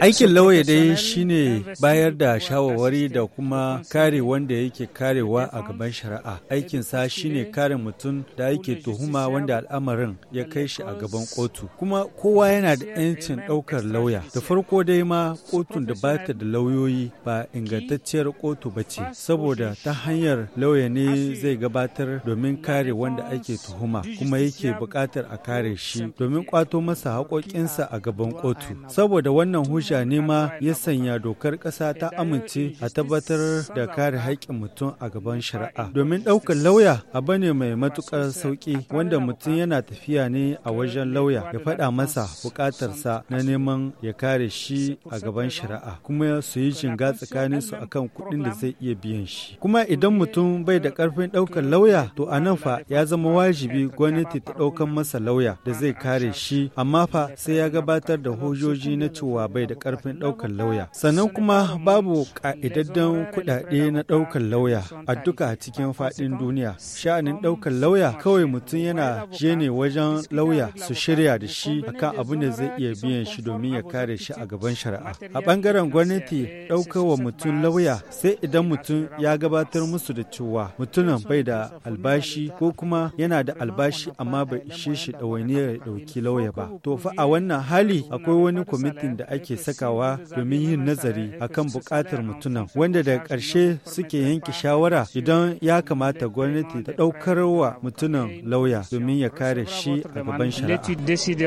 Aikin lauya dai shine bayar da shawarwari da kuma kare wanda yake karewa a gaban shari'a. aikin Aikinsa shine kare mutum da yake tuhuma wanda al'amarin ya kai shi a gaban kotu. Kuma kowa yana da 'yancin ɗaukar lauya. Da farko dai ma kotun da ba ta da lauyoyi ba ingantacciyar kotu ba ce, saboda ta hanyar lauya ne zai gabatar domin kare wanda ake tuhuma kuma yake buƙatar a kare shi domin kwato masa haƙoƙinsa a gaban kotu. Saboda wannan hujja ne ma ya sanya dokar ƙasa ta amince a tabbatar da kare haƙƙin mutum a gaban shari'a. Domin ɗaukar lauya abu ne mai matuƙar sauƙi wanda mutum yana tafiya ne a wajen lauya ya faɗa masa buƙatarsa na neman ya kare shi a gaban shari'a kuma su yi jinga tsakanin su akan kuɗin da zai iya biyan shi. Kuma idan mutum bai da ƙarfin ɗaukar lauya to a nan fa ya zama wajibi gwamnati ta ɗaukar masa lauya da zai kare shi amma fa sai ya gabatar gabatar da hujoji na cewa bai da karfin ɗaukar lauya. Sannan kuma babu ka'idaddan kuɗaɗe na ɗaukar lauya a duka cikin faɗin duniya. Sha'anin ɗaukar lauya kawai mutum yana je ne wajen lauya su shirya da shi akan abin da zai iya biyan shi domin ya kare shi a gaban shari'a. A bangaren gwamnati wa mutum lauya sai idan mutum ya gabatar musu da cewa mutumin bai da albashi ko kuma yana da albashi amma bai ishe shi ɗawainiyar ya ɗauki lauya ba. To fa a wannan hali Misali, akwai wani kwamitin da ake sakawa domin yin nazari akan buƙatar mutunan wanda da ƙarshe suke yanke shawara idan ya kamata gwamnati ta ɗaukar wa mutunan lauya domin ya kare shi a gaban shari'a.